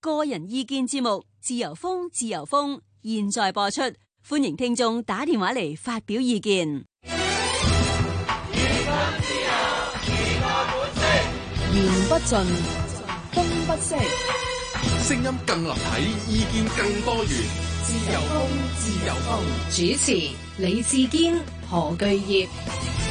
個人意見節目，自由風，自由風，現在播出，歡迎聽眾打電話嚟發表意見。本自由本本言不盡，風不息，聲音更立體，意見更多元。自由風，自由風，主持李志堅、何巨業。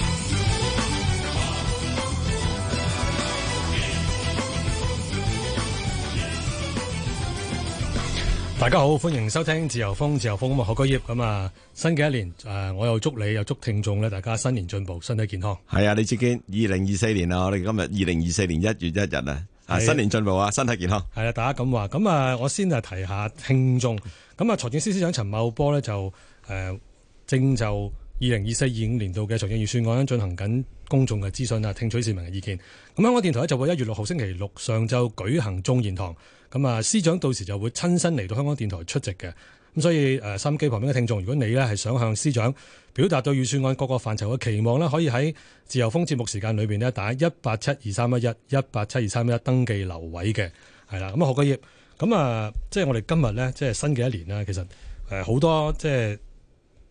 大家好，歡迎收聽自由風，自由風啊，學個業咁啊，新嘅一年，誒，我又祝你又祝聽眾大家新年進步，身體健康。係啊，李志堅，二零二四年啊，我哋今1 1日二零二四年一月一日啊，新年進步啊，的身體健康。係啦，大家咁話，咁啊，我先就提下聽眾。咁啊，財政司司長陳茂波呢，就、呃、誒正就二零二四二五年度嘅財政預算案進行緊公眾嘅諮詢啊，聽取市民嘅意見。咁香港電台呢，就會一月六號星期六上晝舉行中言堂。咁啊，司長到時就會親身嚟到香港電台出席嘅。咁所以，呃，收音機旁邊嘅聽眾，如果你呢係想向司長表達到預算案各個範疇嘅期望呢，可以喺自由風節目時間裏面呢打一八七二三一一一八七二三一一，登記留位嘅，係啦。咁啊，何國業，咁啊，即係我哋今日呢，即係新嘅一年啦。其實誒，好多即係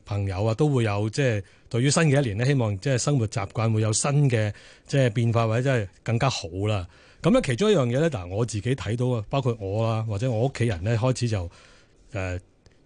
朋友啊，都會有即係對於新嘅一年呢，希望即係生活習慣會有新嘅即係變化，或者即係更加好啦。.咁咧，其中一樣嘢咧，嗱，我自己睇到啊，包括我啊，或者我屋企人咧，開始就誒、呃、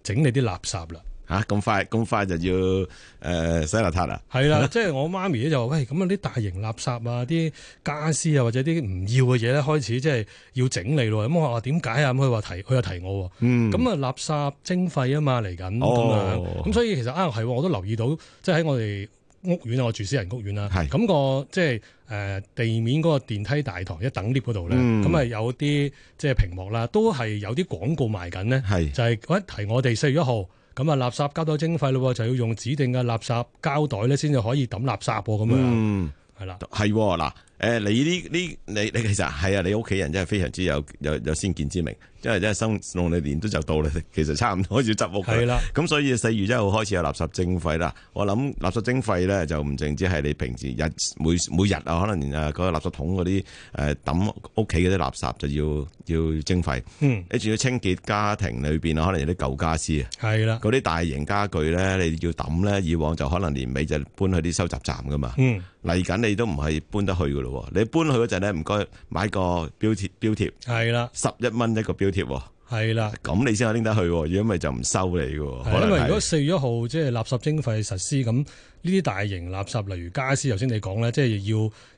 整理啲垃圾啦嚇，咁、啊、快咁快就要誒、呃、洗邋遢啦，係啦的， 即係我媽咪咧就話：喂，咁啊啲大型垃圾啊，啲傢俬啊，或者啲唔要嘅嘢咧，開始即係要整理咯。咁、嗯、我話點解啊？咁佢話提佢又提我，嗯，咁啊垃圾徵費啊嘛，嚟緊咁樣，咁所以其實啊係，我都留意到，即係喺我哋。屋苑我住私人屋苑啦，咁是、個即係誒地面嗰個電梯大堂一等 lift 嗰度咧，咁啊、嗯、有啲即係屏幕啦，都係有啲廣告賣緊咧，是就係一提我哋四月一號，咁啊垃圾膠袋徵費咯，就要用指定嘅垃圾膠袋咧，先至可以抌垃圾噃咁樣，係啦，係嗱，誒你呢呢你你其實係啊，你屋企人真係非常之有有有先見之明。因為真係生農曆年都就到啦，其實差唔多要執屋企。係啦的。咁所以四月一號開始有垃圾徵費啦。我諗垃圾徵費咧就唔淨止係你平時日每每日啊，可能誒嗰個垃圾桶嗰啲誒抌屋企嗰啲垃圾就要要徵費。嗯。你仲要清潔家庭裏邊可能有啲舊家私啊。係啦的。嗰啲大型家具咧，你要抌咧，以往就可能年尾就搬去啲收集站噶嘛。嗯。嚟緊你都唔係搬得去噶咯。你搬去嗰陣咧，唔該買個標貼標貼。係啦的。十一蚊一個標。貼係啦，咁你先可拎得去，如果唔係就唔收你嘅。的因為如果四月一號即係垃圾徵費實施，咁呢啲大型垃圾例如家私，頭先你講咧，即係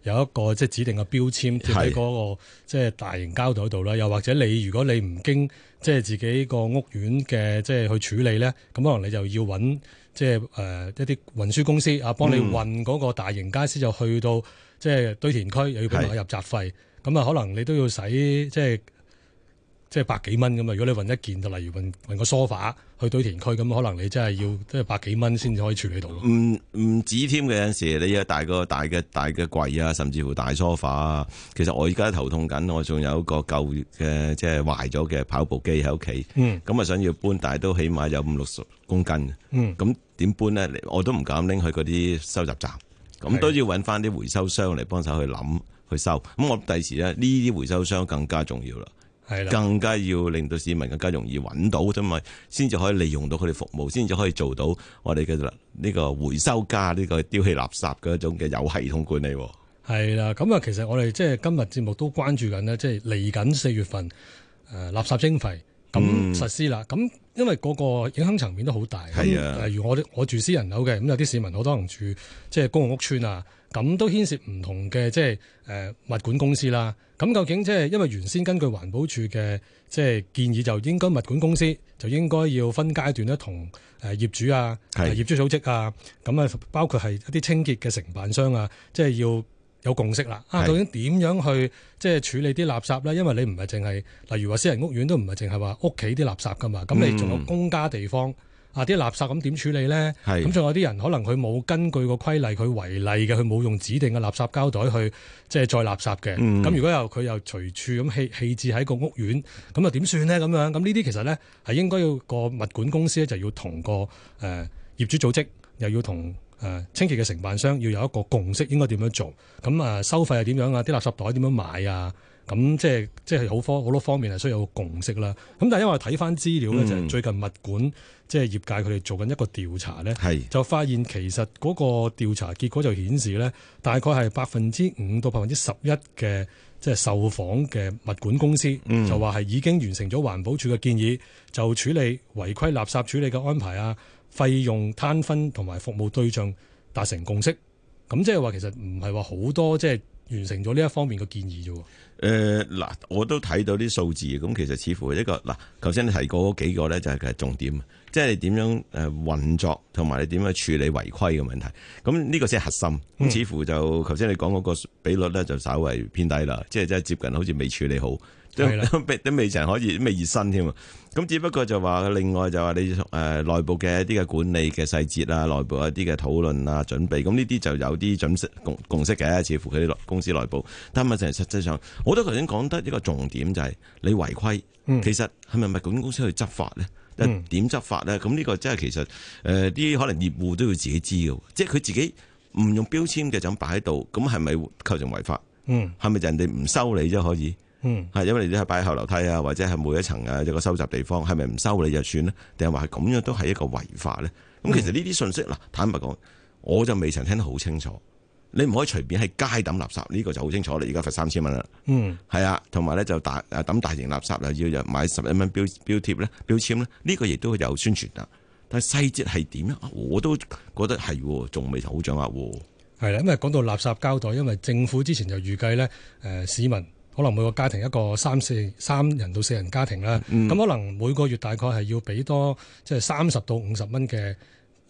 要有一個即係指定嘅標籤貼喺嗰個即係大型膠袋度啦。的又或者你如果你唔經即係自己個屋苑嘅，即係去處理咧，咁可能你就要揾即係誒，一啲運輸公司啊，幫你運嗰個大型家私、嗯、就去到即係堆填區，又要俾埋入閘費。咁啊的，可能你都要使即係。就是即係百幾蚊咁嘛。如果你運一件，就例如運運個梳化去堆填區，咁可能你真係要即係百幾蚊先至可以處理到咯。唔唔止添嘅，有陣時候，你有大個大嘅大嘅櫃啊，甚至乎大梳化。啊。其實我而家頭痛緊，我仲有一個舊嘅即係壞咗嘅跑步機喺屋企。嗯，咁啊想要搬，但係都起碼有五六十公斤。嗯，咁點搬咧？我都唔敢拎去嗰啲收集站，咁的都要揾翻啲回收商嚟幫手去諗去收。咁我第時咧，呢啲回收商更加重要啦。更加要令到市民更加容易揾到啫嘛，先至可以利用到佢哋服務，先至可以做到我哋嘅呢個回收加呢個丟棄垃圾嘅一種嘅有系統管理。係啦，咁啊，其實我哋即係今日節目都關注緊呢，即係嚟緊四月份誒垃圾徵費咁實施啦。咁、嗯、因為嗰個影響層面都好大。係啊的，例如我哋我住私人樓嘅，咁有啲市民好多人住即係公共屋邨啊，咁都牽涉唔同嘅即係誒物管公司啦。咁究竟即係因為原先根據環保署嘅即係建議，就應該物管公司就應該要分階段咧，同誒業主啊、係業主組織啊，咁啊包括係一啲清潔嘅承辦商啊，即係要有共識啦。啊，究竟點樣去即係處理啲垃圾咧？因為你唔係淨係例如話私人屋苑都唔係淨係話屋企啲垃圾噶嘛，咁你仲有公家地方。嗯啊！啲垃圾咁點處理咧？咁仲是的 有啲人可能佢冇根據個規例佢違例嘅，佢冇用指定嘅垃圾膠袋去即係載垃圾嘅。咁、嗯、如果又佢又隨處咁棄棄置喺個屋苑，咁又點算咧？咁樣咁呢啲其實咧係應該要個物管公司咧就要同個誒、呃、業主組織又要同誒、呃、清潔嘅承辦商要有一個共識，應該點樣做？咁啊、呃、收費係點樣啊？啲垃圾袋點樣買啊？咁即係即係好好多方面係需要個共識啦。咁但係因為睇翻資料咧，嗯、就係最近物管。即係業界佢哋做緊一個調查咧，是就發現其實嗰個調查結果就顯示咧，大概係百分之五到百分之十一嘅即係受訪嘅物管公司，嗯、就話係已經完成咗環保署嘅建議，就處理違規垃圾處理嘅安排啊，費用攤分同埋服務對象達成共識。咁即係話其實唔係話好多即係、就是、完成咗呢一方面嘅建議啫。誒嗱、呃，我都睇到啲數字，咁其實似乎一個嗱，頭先你提過幾個咧，就係佢重點。即係點樣誒運作，同埋你點樣處理違規嘅問題？咁呢個先係核心。咁、嗯、似乎就頭先你講嗰個比率咧，就稍微偏低啦。即係即係接近，好似未處理好。都都未曾可以，未熱身添。咁只不過就話另外就話你誒內部嘅一啲嘅管理嘅細節啊，內部一啲嘅討論啊，準備。咁呢啲就有啲共、共識共共識嘅。似乎佢公司內部，但係成實際上，我都頭先講得一個重點就係你違規，嗯、其實係咪物管公司去執法咧？嗯、點執法咧？咁呢個真係其實誒，啲、呃、可能業戶都要自己知嘅，即係佢自己唔用標籤嘅就咁擺喺度，咁係咪構成違法？嗯，係咪人哋唔收你啫可以？嗯，係因為你都係擺喺後樓梯啊，或者係每一層啊有個收集地方，係咪唔收你就算咧？定係話係咁樣都係一個違法咧？咁其實呢啲信息嗱，嗯、坦白講，我就未曾聽得好清楚。你唔可以隨便喺街抌垃圾，呢、這個就好清楚啦。而家罰三千蚊啦。嗯，係啊，同埋咧就大啊抌大型垃圾又要又買十一蚊標標貼咧標貼咧，呢、這個亦都有宣傳啦。但係細節係點咧？我都覺得係，仲未好掌握。係啦，因為講到垃圾膠袋，因為政府之前就預計咧，誒、呃、市民可能每個家庭一個三四三人到四人家庭啦，咁、嗯、可能每個月大概係要俾多即係三十到五十蚊嘅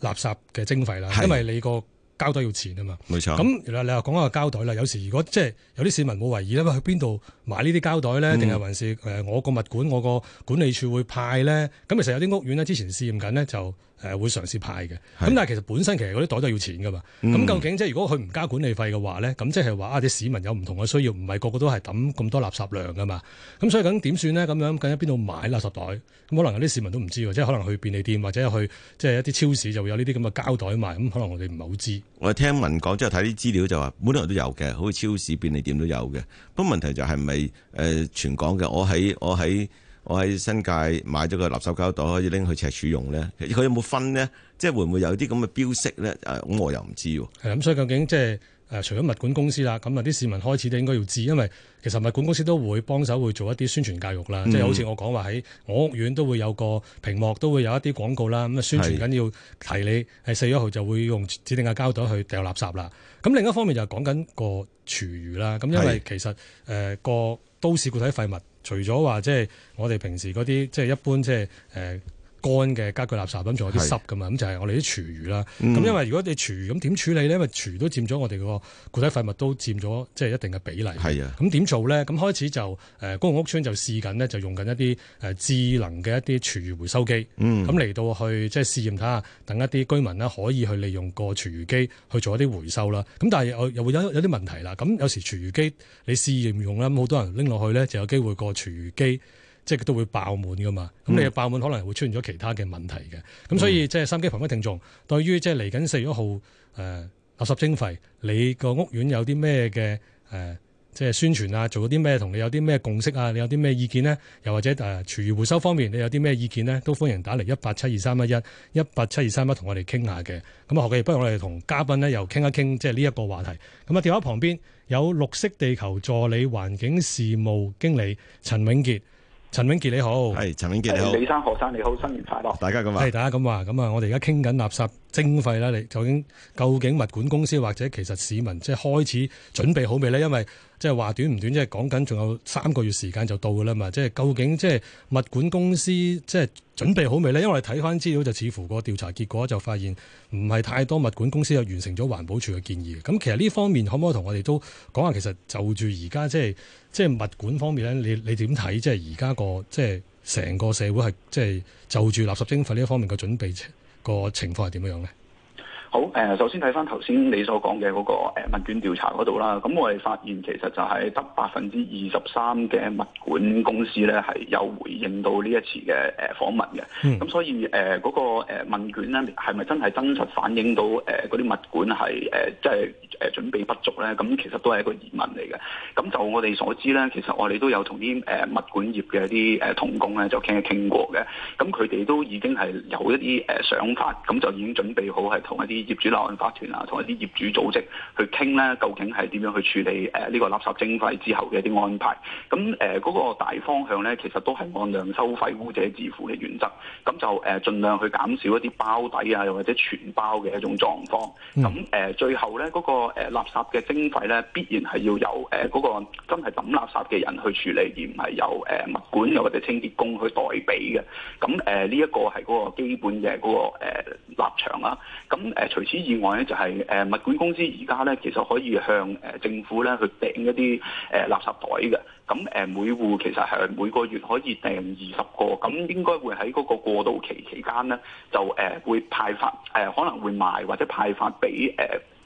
垃圾嘅徵費啦，的因為你個。膠袋要錢啊嘛，冇錯。咁原來你又講下膠袋啦。有時如果即係有啲市民冇懷疑呢，去邊度買呢啲膠袋咧？定係、嗯、還是我個物管我個管理處會派咧？咁其實有啲屋苑咧，之前試驗緊咧就。誒會嘗試派嘅，咁但係其實本身其實嗰啲袋都要錢噶嘛。咁、嗯、究竟即係如果佢唔加管理費嘅話咧，咁即係話啊啲市民有唔同嘅需要，唔係個個都係抌咁多垃圾量噶嘛。咁所以究竟點算咧？咁樣咁喺邊度買垃圾袋？咁可能有啲市民都唔知㗎，即係可能去便利店或者去即係一啲超市就會有呢啲咁嘅膠袋賣。咁可能我哋唔係好知道。我聽聞講即係睇啲資料就話，每人都有嘅，好似超市、便利店都有嘅。不過問題就係唔係誒全港嘅？我喺我喺。我喺新界買咗個垃圾膠袋，可以拎去赤柱用咧。佢有冇分呢？即係會唔會有啲咁嘅標識咧？誒，咁我又唔知喎。係咁，所以究竟即係誒，除咗物管公司啦，咁啊啲市民開始都應該要知，因為其實物管公司都會幫手會做一啲宣傳教育啦。嗯、即係好似我講話喺我屋苑都會有個屏幕，都會有一啲廣告啦。咁啊宣傳緊要提你係四的月一號就會用指定嘅膠袋去掉垃圾啦。咁另一方面就講緊個廚餘啦。咁因為其實誒個的、呃、都市固體廢物。除咗話即係我哋平時嗰啲即係一般即係呃乾嘅家具垃圾咁仲有啲濕噶嘛，咁是就係我哋啲廚餘啦。咁、嗯、因為如果你廚餘咁點處理咧，因為廚餘都佔咗我哋個固體廢物都佔咗即係一定嘅比例。係啊，咁點做咧？咁開始就誒公共屋邨就試緊咧，就用緊一啲誒智能嘅一啲廚餘回收機。咁嚟、嗯、到去即係、就是、試驗睇下，等一啲居民咧可以去利用個廚餘機去做一啲回收啦。咁但係又會有有啲問題啦。咁有時廚餘機你試驗用啦，咁好多人拎落去咧就有機會個廚餘機。即係都會爆滿噶嘛，咁你嘅爆滿可能會出現咗其他嘅問題嘅。咁、嗯、所以即係三機旁位聽眾，對於即係嚟緊四月一號誒垃圾徵費，你個屋苑有啲咩嘅誒即係宣傳啊，做咗啲咩，同你有啲咩共識啊？你有啲咩意見呢？又或者誒廚餘回收方面，你有啲咩意見呢？都歡迎打嚟一八七二三一一一八七二三一同我哋傾下嘅。咁啊，學不如我哋同嘉賓呢，又傾一傾，即係呢一個話題。咁啊，電話旁邊有綠惜地球助理環境事務經理陳永傑。陳永傑你好，係，陳永傑你好，李生何生你好，新年快樂。大家咁話。係大家咁話。咁啊，我哋而家傾緊垃圾。徵費啦，你究竟究竟物管公司或者其實市民即係開始準備好未呢？因為即係話短唔短，即係講緊仲有三個月時間就到噶啦嘛。即係究竟即係物管公司即係準備好未呢？因為我哋睇翻資料就似乎個調查結果就發現唔係太多物管公司有完成咗環保署嘅建議。咁其實呢方面可唔可以同我哋都講下，其實就住而家即係即係物管方面呢，你你點睇即係而家個即係成個社會係即係就住垃圾徵費呢一方面嘅準備？個情況係點樣咧？好，誒、呃，首先睇返頭先你所講嘅嗰個誒問、呃、卷調查嗰度啦，咁我哋發現其實就係得百分之二十三嘅物管公司咧係有回應到呢一次嘅誒訪問嘅，咁、嗯、所以誒嗰、呃那個誒、呃、問卷咧係咪真係真實反映到誒嗰啲物管係誒即係？呃就係誒準備不足咧，咁其實都係一個疑問嚟嘅。咁就我哋所知咧，其實我哋都有同啲誒物管業嘅啲誒同工咧，就傾一傾過嘅。咁佢哋都已經係有一啲誒想法，咁就已經準備好係同一啲業主立案法團啊，同一啲業主組織去傾咧，究竟係點樣去處理誒呢個垃圾徵費之後嘅一啲安排。咁誒嗰個大方向咧，其實都係按量收費、污者自負嘅原則。咁就誒盡量去減少一啲包底啊，又或者全包嘅一種狀況。咁誒最後咧，嗰個。誒垃圾嘅徵費咧，必然係要由誒嗰個真係抌垃圾嘅人去處理，而唔係由誒物管又或者清潔工去代俾嘅。咁誒呢一個係嗰個基本嘅嗰個立場啦。咁誒除此以外咧，就係誒物管公司而家咧，其實可以向誒政府咧去訂一啲誒垃圾袋嘅。咁誒每戶其實係每個月可以訂二十個，咁應該會喺嗰個過渡期期間咧，就誒會派發誒可能會賣或者派發俾誒。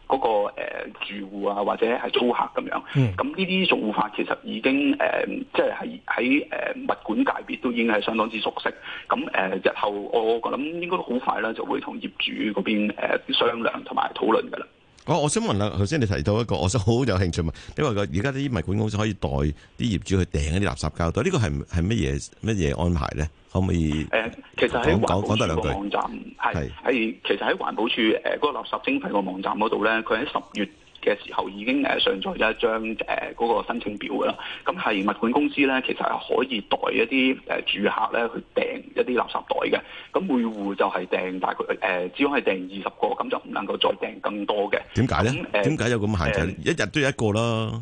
嗰、那個、呃、住戶啊，或者係租客咁樣，咁呢啲做法其實已經誒，即係喺喺誒物管界別都已經係相當之熟悉。咁誒、呃，日後我我諗應該都好快啦，就會同業主嗰邊、呃、商量同埋討論㗎喇。哦、我想問下，頭先你提到一個，我想好有興趣問，因為而家啲物管公司可以代啲業主去訂一啲垃圾膠袋，呢個係係乜嘢乜嘢安排咧？可唔可以講多兩句？誒是，其實喺環保署個網站，係係其實喺環保署誒個垃圾徵費個網站嗰度咧，佢喺十月嘅時候已經誒上載咗一張誒嗰、呃嗰個申請表㗎啦，咁係物管公司咧，其實係可以代一啲誒、呃、住客咧去訂一啲垃圾袋嘅，咁每戶就係訂大概誒只可以訂二十個，咁就唔能夠再訂更多嘅。點解咧？點解那有咁限制咧？呃、一日都有一個啦。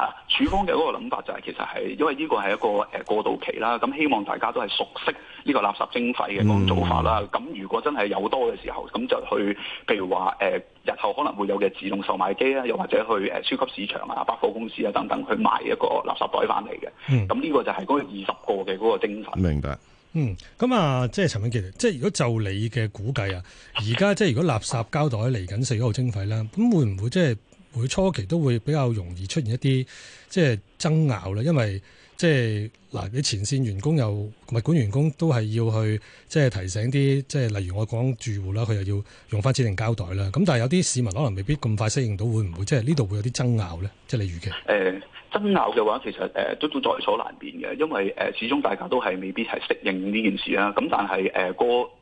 啊！處方嘅嗰個諗法就係其實係因為呢個係一個誒過渡期啦，咁希望大家都係熟悉呢個垃圾徵費嘅嗰種做法啦。咁如果真係有多嘅時候，咁就去譬如話誒、呃，日後可能會有嘅自動售賣機啊，又或者去誒超級市場啊、百貨公司啊等等去買一個垃圾袋翻嚟嘅。咁呢、嗯、個就係嗰二十個嘅嗰個,個精神。明白。嗯，咁啊，即係陳永傑，即係如果就你嘅估計啊，而家即係如果垃圾膠袋嚟緊四號徵費啦，咁會唔會即係？會初期都會比較容易出現一啲即係爭拗啦，因為即係嗱，你前線員工又物管員工都係要去即係提醒啲，即係例如我講住戶啦，佢又要用翻指定膠袋啦。咁但係有啲市民可能未必咁快適應到，會唔會即係呢度會有啲爭拗咧？即係例如嘅誒爭拗嘅話，其實誒、呃、都都在所難免嘅，因為誒、呃、始終大家都係未必係適應呢件事啦。咁但係誒、呃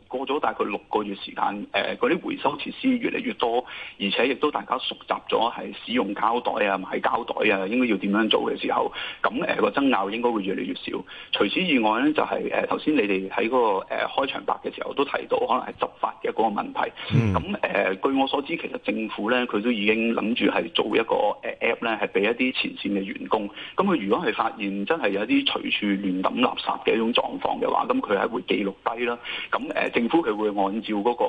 過咗大概六個月時間，誒嗰啲回收設施越嚟越多，而且亦都大家熟習咗係使用膠袋啊、買膠袋啊，應該要點樣做嘅時候，咁誒個爭拗應該會越嚟越少。除此以外咧，就係誒頭先你哋喺嗰個開、呃、開場白嘅時候都提到，可能係執法嘅嗰個問題。咁誒、嗯呃，據我所知，其實政府咧佢都已經諗住係做一個 A P P 咧，係俾一啲前線嘅員工。咁佢如果係發現真係有一啲隨處亂抌垃圾嘅一種狀況嘅話，咁佢係會記錄低啦。咁政府佢會按照嗰、那個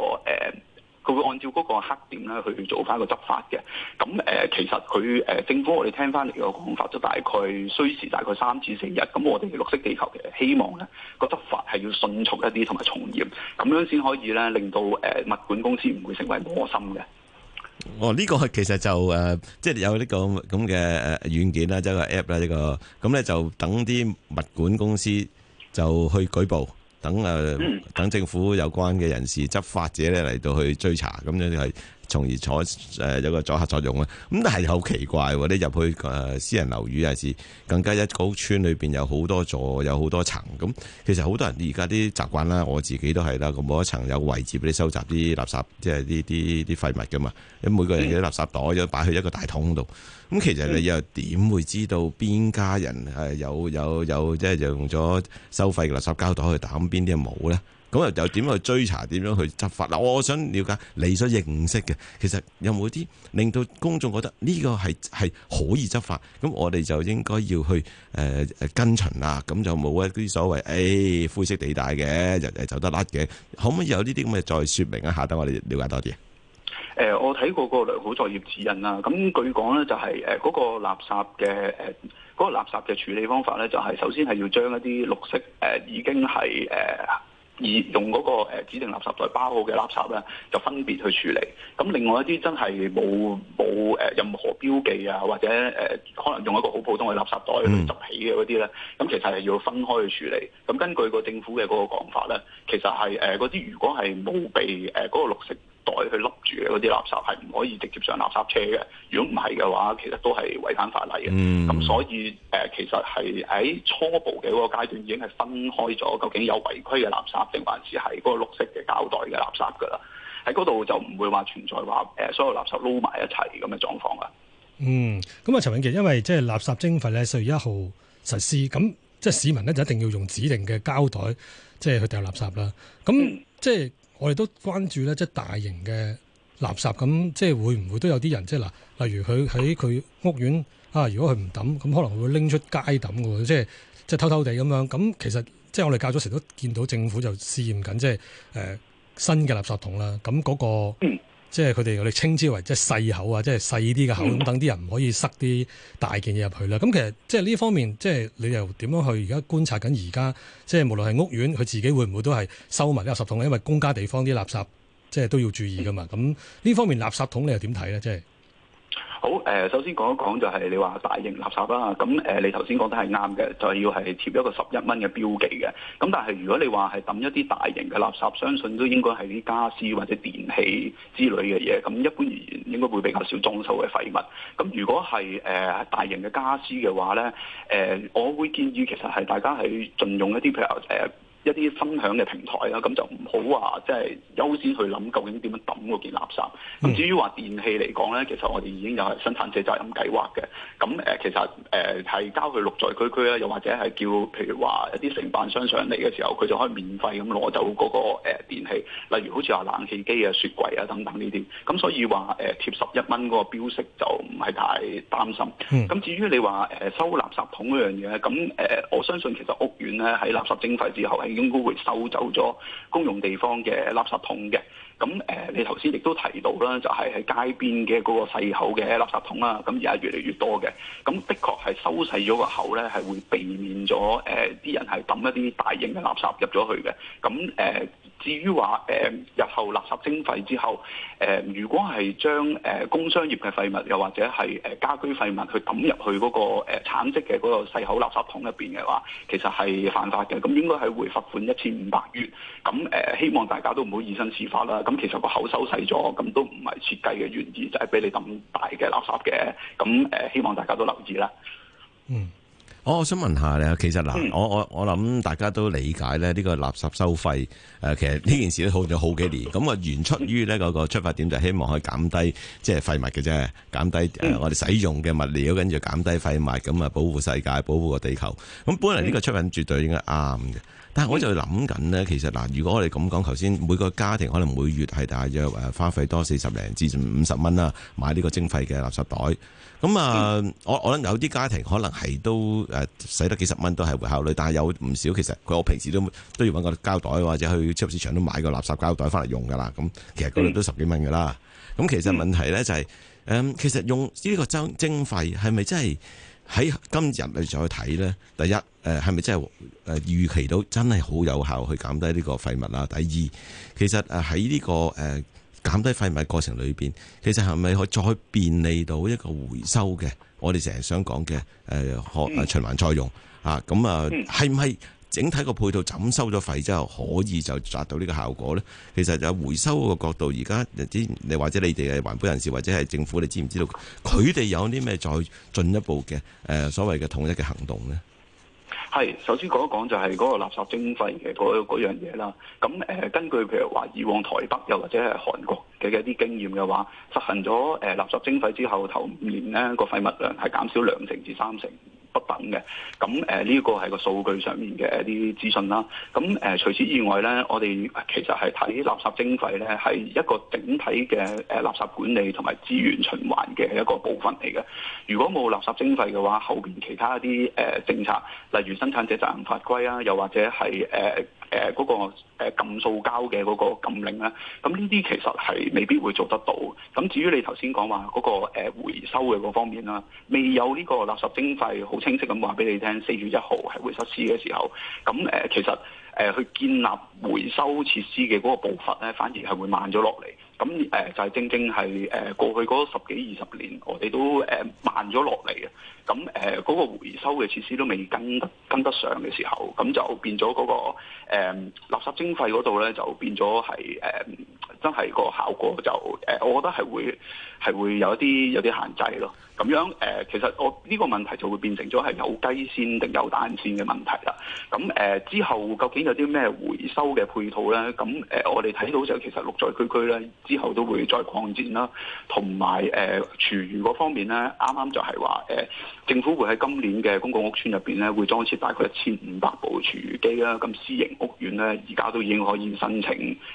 佢、呃、會按照嗰黑點咧去做翻個執法嘅。咁誒、呃，其實佢誒政府，我哋聽翻嚟個講法，就大概需時大概三至四日。咁我哋綠惜地球嘅希望咧個執法係要迅速一啲，同埋從嚴，咁樣先可以咧令到誒、呃、物管公司唔會成為磨心嘅。哦，呢、這個其實就誒、呃，即係有呢個咁嘅誒軟件啦，即、就、係、是、APP 啦、這個，呢個咁咧就等啲物管公司就去舉報。等誒等政府有關嘅人士、執法者咧嚟到去追查，咁樣就係、是。從而阻，呃、有個阻嚇作用咁，但係好奇怪喎！你入去誒，私人樓宇，還是更加一組村裏面有好多座，有好多層。咁其實好多人而家啲習慣啦，我自己都係啦。咁每一層有位置俾你收集啲垃圾，即係啲啲啲廢物噶嘛。咁每個人有垃圾袋，咗擺喺一個大桶度。咁其實你又點會知道邊家人有有有，即係用咗收費嘅垃圾膠袋去打邊啲冇咧？咁又又點樣去追查？點樣去執法？嗱，我想了解你所認識嘅，其實有冇啲令到公眾覺得呢個係係可以執法？咁我哋就應該要去、呃、跟循啦。咁就冇一啲所謂誒、哎、灰色地帶嘅，就走得甩嘅。可唔可以有呢啲咁嘅再說明一下？等，等我哋了解多啲。誒、呃，我睇過個良好作業指引啦。咁據講咧、就係，就係嗰個垃圾嘅嗰、嗰個垃圾嘅處理方法咧，就係首先係要將一啲綠色、呃、已經係誒。呃而用嗰個指定垃圾袋包好嘅垃圾咧，就分別去處理。咁另外一啲真係冇冇誒任何標記啊，或者誒、呃、可能用一個好普通嘅垃圾袋去執起嘅嗰啲咧，咁其實係要分開去處理。咁根據個政府嘅嗰個講法咧，其實係誒嗰啲如果係冇被誒嗰個綠色袋去笠住嘅嗰啲垃圾係唔可以直接上垃圾車嘅，如果唔係嘅話，嗯嗯、其實都係違反法例嘅。咁所以誒，其實係喺初步嘅嗰個階段已經係分開咗，究竟有違規嘅垃圾定還是係嗰個綠色嘅膠袋嘅垃圾噶啦？喺嗰度就唔會話存在話誒所有垃圾撈埋一齊咁嘅狀況啦。嗯，咁啊，陳永杰，因為即係垃圾徵費咧，四月一號實施，咁即係市民咧就一定要用指定嘅膠袋，即、就、係、是、去掉垃圾啦。咁即係。嗯我哋都關注咧，即係大型嘅垃圾咁，即係會唔會都有啲人即係嗱，例如佢喺佢屋苑啊，如果佢唔抌，咁可能會拎出街抌嘅喎，即係即係偷偷地咁樣。咁其實即係我哋較早時都見到政府就試驗緊，即係誒、呃、新嘅垃圾桶啦。咁嗰、嗰個。嗯即係佢哋我哋稱之為即係細口啊，即係細啲嘅口，咁等啲人唔可以塞啲大件嘢入去啦。咁其實即係呢方面，即係你又點樣去而家觀察緊？而家即係無論係屋苑，佢自己會唔會都係收埋啲垃圾桶？因為公家地方啲垃圾，即係都要注意㗎嘛。咁呢方面垃圾桶，你又點睇咧？即係。好，誒，首先講一講就係你話大型垃圾啦，咁誒，你頭先講得係啱嘅，就係要係貼一個十一蚊嘅標記嘅。咁但係如果你話係抌一啲大型嘅垃圾，相信都應該係啲傢俬或者電器之類嘅嘢。咁一般而言，應該會比較少裝修嘅廢物。咁如果係誒大型嘅傢俬嘅話咧，誒，我會建議其實係大家係盡用一啲譬如誒，一啲分享嘅平台啦，咁就唔好話，即係優先去諗究竟點樣抌嗰件垃圾。咁至於話電器嚟講咧，其實我哋已經有係生產者責任計劃嘅。咁誒、呃、其實誒係、呃、交去綠在區區咧，又或者係叫譬如話一啲承辦商上嚟嘅時候，佢就可以免費咁攞走嗰、那個誒、呃、電器。例如好似話冷氣機啊、雪櫃啊等等呢啲。咁所以話誒貼十一蚊嗰個標識就唔係太擔心。咁、嗯、至於你話誒、呃、收垃圾桶嗰樣嘢咧，咁誒、呃、我相信其實屋苑咧喺垃圾徵費之後。係。應該會收走咗公用地方嘅垃圾桶嘅，咁誒，你頭先亦都提到啦，就係喺街邊嘅嗰個細口嘅垃圾桶啦，咁而家越嚟越多嘅，咁的確係收細咗個口咧，係會避免咗誒啲人係抌一啲大型嘅垃圾入咗去嘅，咁誒。呃至於話誒、呃、日後垃圾徵費之後，誒、呃、如果係將誒、呃、工商業嘅廢物，又或者係誒、呃、家居廢物去去、那個，去抌入去嗰個誒橙色嘅嗰個細口垃圾桶入邊嘅話，其實係犯法嘅，咁應該係會罰款一千五百元。咁誒、呃，希望大家都唔好以身試法啦。咁其實個口收細咗，咁都唔係設計嘅原意，就係、是、俾你抌大嘅垃圾嘅。咁誒、呃，希望大家都留意啦。嗯。哦、我想問下你其實嗱、嗯，我我我諗大家都理解咧，呢個垃圾收費誒，其實呢件事都好咗好幾年，咁啊源出於呢嗰個出發點就希望可以減低即係廢物嘅啫，減低誒我哋使用嘅物料，跟住減低廢物，咁啊保護世界，保護個地球。咁本嚟呢個出發絕對應該啱嘅，但係我就諗緊呢，其實嗱，如果我哋咁講，頭先每個家庭可能每月係大約誒花費多四十零至五十蚊啦，買呢個徵費嘅垃圾袋。咁啊那、嗯，我我諗有啲家庭可能係都誒，使得幾十蚊都係會考慮，但係有唔少其實佢我平時都都要搵個膠袋或者去超市場都買個垃圾膠袋翻嚟用噶啦。咁其實嗰度都十幾蚊噶啦。咁、嗯、其實問題咧就係，誒，其實用呢個徵徵費係咪真係喺今日你再去睇咧？第一，誒，係咪真係誒預期到真係好有效去減低呢個廢物啦？第二，其實誒喺呢個誒。呃減低廢物過程裏邊，其實係咪可以再便利到一個回收嘅？我哋成日想講嘅，誒、呃，循環再用啊！咁啊，係唔係整體個配套咁收咗費之後，可以就達到呢個效果呢？其實就回收個角度，而家你或者你哋嘅環保人士或者係政府，你知唔知道佢哋有啲咩再進一步嘅誒、呃、所謂嘅統一嘅行動呢？係，首先講一講就係嗰個垃圾徵費嘅嗰嗰樣嘢啦。咁誒、呃，根據譬如話以往台北又或者係韓國嘅一啲經驗嘅話，實行咗誒、呃、垃圾徵費之後，頭五年咧個廢物量係減少兩成至三成，不等嘅，咁誒，呢個係個數據上面嘅一啲資訊啦。咁誒，除此以外咧，我哋其實係睇垃圾徵費咧，係一個整體嘅誒垃圾管理同埋資源循環嘅一個部分嚟嘅。如果冇垃圾徵費嘅話，後面其他一啲誒政策，例如生產者責任法規啊，又或者係誒。誒嗰個誒禁塑膠嘅嗰個禁令咧，咁呢啲其實係未必會做得到。咁至於你頭先講話嗰個誒回收嘅嗰方面啦，未有呢個垃圾徵費，好清晰咁話俾你聽，四月一號係會實施嘅時候，咁誒其實誒去建立回收設施嘅嗰個步伐咧，反而係會慢咗落嚟。咁誒就係、是、正正係誒過去嗰十幾二十年，我哋都誒慢咗落嚟嘅。咁誒嗰個回收嘅設施都未跟得跟得上嘅時候，咁就變咗嗰、那個、嗯、垃圾徵費嗰度咧，就變咗係誒真係個效果就誒，我覺得係會係會有一啲有啲限制咯。咁樣誒其實我呢個問題就會變成咗係有雞先定有蛋先嘅問題啦。咁誒之後究竟有啲咩回收嘅配套咧？咁誒我哋睇到就其實陸在區區咧。之後都會再擴展啦，同埋誒廚餘嗰方面咧，啱啱就係話誒政府會喺今年嘅公共屋邨入邊咧，會裝設大概一千五百部廚餘機啦。咁私營屋苑咧，而家都已經可以申請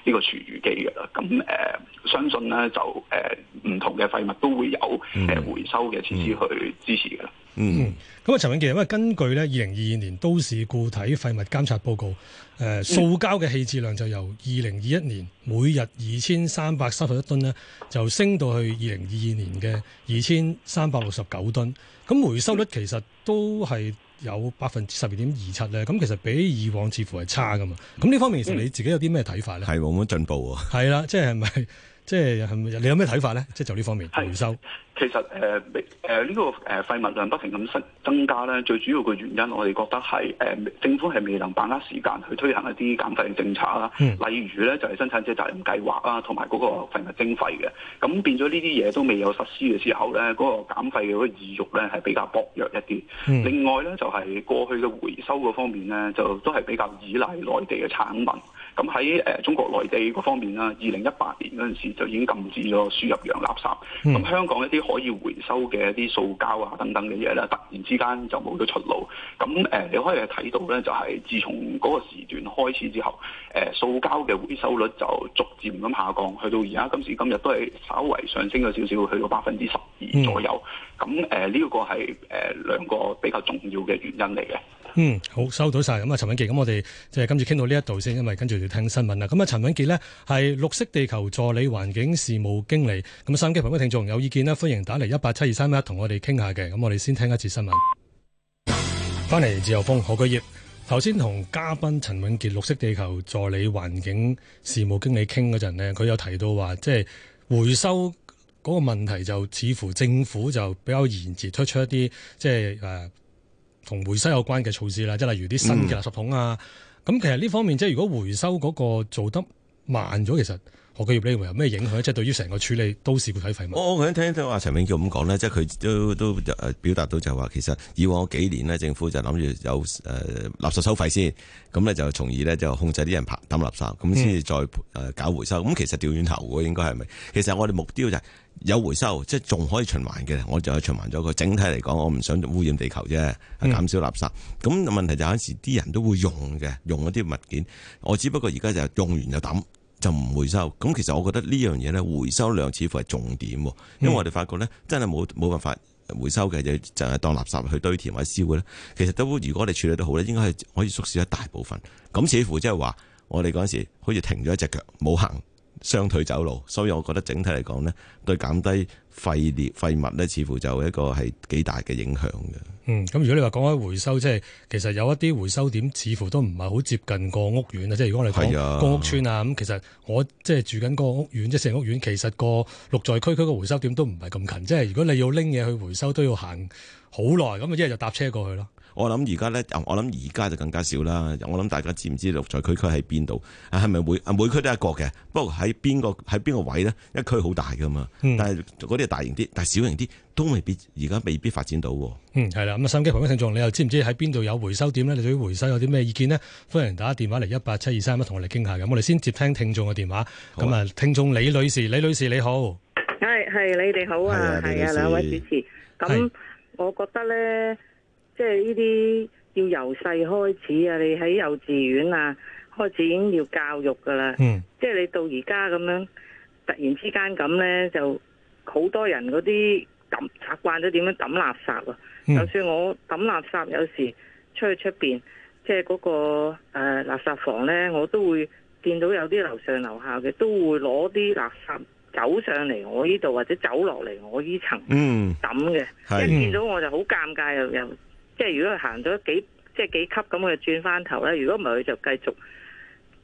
呢個廚餘機嘅啦。咁誒、呃，相信咧就誒唔、呃、同嘅廢物都會有誒、呃、回收嘅設施去支持嘅啦。嗯，咁啊，陳永傑，因為根據咧，二零二二年都市固體廢物監察報告，誒、呃，塑膠嘅棄置量就由二零二一年每日二千三百三十一噸呢，就升到去二零二二年嘅二千三百六十九噸。咁回收率其實都係有百分之十二點二七咧。咁其實比以往似乎係差噶嘛。咁呢方面其實你自己有啲咩睇法咧？係冇乜進步啊？係啦，即係係咪？即係你有咩睇法咧？即係就呢、是、方面回收，其實誒誒呢個誒廢物量不停咁增加咧，最主要嘅原因我哋覺得係誒、呃、政府係未能把握時間去推行一啲減廢嘅政策啦。嗯、例如咧就係生產者責任計劃啊，同埋嗰個廢物徵費嘅。咁變咗呢啲嘢都未有實施嘅時候咧，嗰、那個減廢嘅嗰個意欲咧係比較薄弱一啲。嗯、另外咧就係過去嘅回收嗰方面咧，就都係比較依賴內地嘅產品。咁喺、呃、中國內地嗰方面啦，二零一八年嗰陣時就已經禁止咗輸入洋垃圾。咁香港一啲可以回收嘅一啲塑膠啊等等嘅嘢咧，突然之間就冇咗出路。咁、呃、你可以睇到咧，就係、是、自從嗰個時段開始之後，呃、塑膠嘅回收率就逐漸咁下降，去到而家今時今日都係稍微上升咗少少，去到百分之十二左右。嗯。咁呢個係誒兩個比較重要嘅原因嚟嘅。嗯，好，收到晒，咁、嗯、啊，陳永傑，咁、嗯、我哋即係今次傾到呢一度先，因為跟住要聽新聞啦。咁、嗯、啊、嗯，陳永傑呢係綠惜地球助理環境事務經理。咁、嗯、啊，收音機旁邊嘅聽眾有意見呢，歡迎打嚟一八七二三一同我哋傾下嘅。咁我哋先聽一次新聞。翻嚟自由風，何居業，頭先同嘉賓陳永傑綠惜地球助理環境事務經理傾嗰陣呢，佢有提到話，即係回收。嗰個問題就似乎政府就比較延遲推出一啲即係誒同回收有關嘅措施啦，即係例如啲新嘅垃圾桶啊。咁、嗯、其實呢方面即係如果回收嗰個做得慢咗，其實。我嘅業務你認為有咩影響？即係對於成個處理都市固體廢物。我我想聽聽阿陳永傑咁講咧，即係佢都都誒表達到就話，其實以往幾年呢，政府就諗住有誒、呃、垃圾收費先，咁咧就從而咧就控制啲人拍抌垃圾，咁先至再搞回收。咁、嗯、其實掉轉頭嘅應該係咪？其實我哋目標就係有回收，即係仲可以循環嘅，我就循環咗佢。整體嚟講，我唔想污染地球啫，減少垃圾。咁、嗯、問題就係有時啲人都會用嘅，用一啲物件，我只不過而家就用完就抌。就唔回收咁，其實我覺得呢樣嘢呢，回收量似乎係重點，嗯，因為我哋發覺呢，真係冇冇辦法回收嘅，就就係當垃圾去堆填或者燒嘅咧。其實都如果我哋處理得好呢，應該係可以縮小一大部分。咁似乎即係話我哋嗰陣時好似停咗一隻腳冇行。雙腿走路，所以我覺得整體嚟講呢，對減低廢料廢物呢，似乎就一個係幾大嘅影響嘅。嗯，咁如果你話講開回收，即係其實有一啲回收點，似乎都唔係好接近屋呀個屋苑啊。即係如果我哋講公屋村啊，咁其實我即係住緊個屋苑，即係成屋苑，其實個綠在區區個回收點都唔係咁近。即係如果你要拎嘢去回收，都要行好耐。咁啊，一係就搭車過去咯。我諗而家咧，我諗而家就更加少啦。我諗大家知唔知道在區區喺邊度？係咪每每區都係一個嘅？不過喺邊個喺邊個位咧？一區好大噶嘛。嗯、但係嗰啲大型啲，但係小型啲都未必而家未必發展到嗯是。嗯，係啦。咁啊，收音機旁聽眾，你又知唔知喺邊度有回收點咧？你對回收有啲咩意見呢？歡迎打電話嚟一八七二三一同我哋傾下。咁我哋先接聽聽眾嘅電話。咁啊，聽眾李女士，李女士你好。係係、hey, hey, 你哋好啊！係啊，兩位主持。咁的我覺得咧。即係呢啲要由細開始啊！你喺幼稚園啊，開始已經要教育噶啦。嗯，即係你到而家咁樣，突然之間咁呢，就好多人嗰啲揼習慣咗點樣揼垃圾啊！嗯、就算我揼垃圾，有時出去出面，即係嗰、嗰個、呃、垃圾房呢，我都會見到有啲樓上樓下嘅都會攞啲垃圾走上嚟我呢度，或者走落嚟我呢層揼嘅。嗯、一見到我就好尷尬，又又、嗯、～即係如果佢行咗幾即係幾級咁，佢轉翻頭咧。如果唔係，佢就繼續。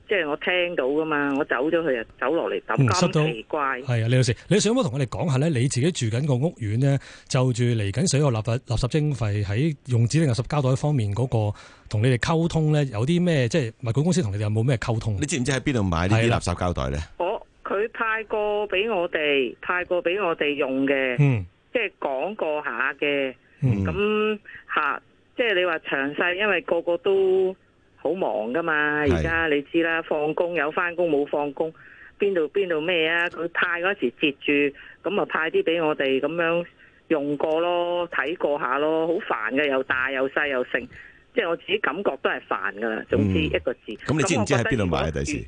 即係我聽到噶嘛，我走咗佢啊，就走落嚟抌金奇怪。係啊，李老師，你想唔想同我哋講下咧？你自己住緊個屋苑咧，就住嚟緊水油垃，垃圾徵費垃圾徵費喺用指定垃圾膠袋方面嗰個同你哋溝通咧，有啲咩即係物管公司同你哋有冇咩溝通？你知唔知喺邊度買呢啲垃圾膠袋咧？我佢派過俾我哋，派過俾我哋用嘅，嗯、即係講過下嘅。咁吓，即係你話詳細，因為個個都好忙噶嘛，而家是你知啦，放工有翻工冇放工，邊度邊度咩啊？佢派嗰時接住，咁啊派啲俾我哋咁樣用過咯，睇過下咯，好煩㗎，又大又細又剩，即係我自己感覺都係煩噶啦。總之一個字。咁、嗯、你知唔知喺邊度買啊？第時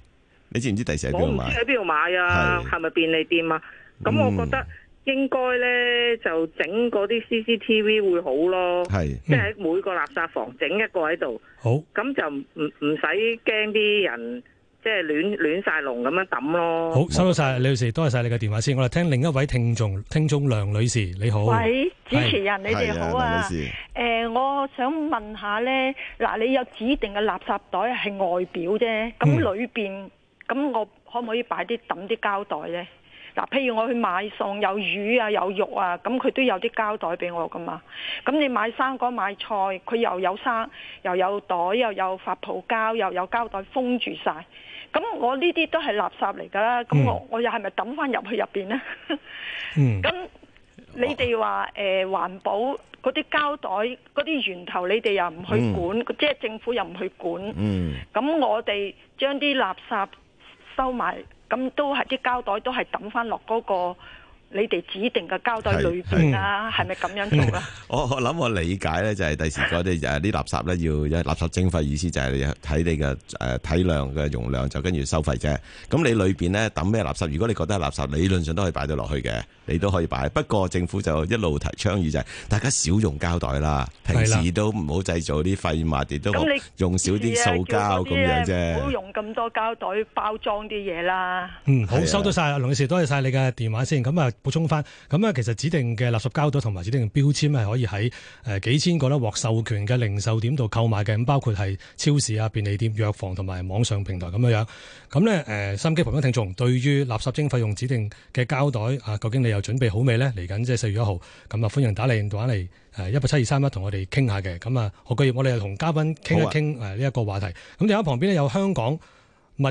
你知唔知第時喺邊度買啊？我唔知喺邊度買啊，係咪是便利店啊？咁我覺得。嗯應該咧就整嗰啲 CCTV 會好咯，係、嗯、即係喺每個垃圾房整一個喺度，好，咁就唔唔使驚啲人即係亂亂晒籠咁樣抌咯。好，好，收到晒李女士，多謝晒你嘅電話先，我哋聽另一位聽眾聽眾梁女士，你好，喂，係、主持人你哋好啊，啊，梁女士，誒、呃，我想問下咧，嗱，你有指定嘅垃圾袋係外表啫，咁裏邊咁、嗯、我可唔可以擺啲抌啲膠袋咧？嗱、啊，譬如我去買餸，有魚啊，有肉啊，咁佢都有啲膠袋俾我噶嘛。咁你買生果買菜，佢又有生又有袋，又有發泡膠，又有膠袋封住晒。咁我呢啲都係垃圾嚟噶啦。咁我、嗯、我又係咪抌翻入去入邊呢？咁、 嗯、你哋話誒環保嗰啲膠袋嗰啲源頭，你哋又唔去管，嗯、即係政府又唔去管。咁、嗯、我哋將啲垃圾收埋。咁都係啲膠袋，都係抌翻落嗰個。你哋指定嘅膠袋裏邊啊，係咪咁樣做啦？我諗我，我理解咧，就係第時嗰啲誒啲垃圾咧，要有垃圾徵費，意思就係睇你嘅誒、呃、體量嘅容量，就跟住收費啫。咁你裏面咧抌咩垃圾？如果你覺得係垃圾，理論上都可以擺到落去嘅，你都可以擺。不過政府就一路提倡議就係、是、大家少用膠袋啦，平時都唔好製造啲廢物，亦的都好你用少啲塑膠咁塑膠 樣啫。唔好用咁多膠袋包裝啲嘢啦，嗯。好，的收到晒啊，龍女士，多謝晒你嘅電話先。咁啊～補充翻咁啊，其實指定嘅垃圾膠袋同埋指定嘅標籤係可以喺誒幾千個咧獲授權嘅零售點度購買嘅，咁包括係超市啊、便利店、藥房同埋網上平台咁樣。咁咧誒，收音機旁邊聽眾對於垃圾徵費用指定嘅膠袋啊，究竟你又準備好未呢？嚟緊即係四月一號，咁啊歡迎打嚟電話嚟誒一八七二三一同我哋傾下嘅。咁啊何巨業，我哋又同嘉賓傾一傾誒呢一個話題。咁另外旁邊咧有香港物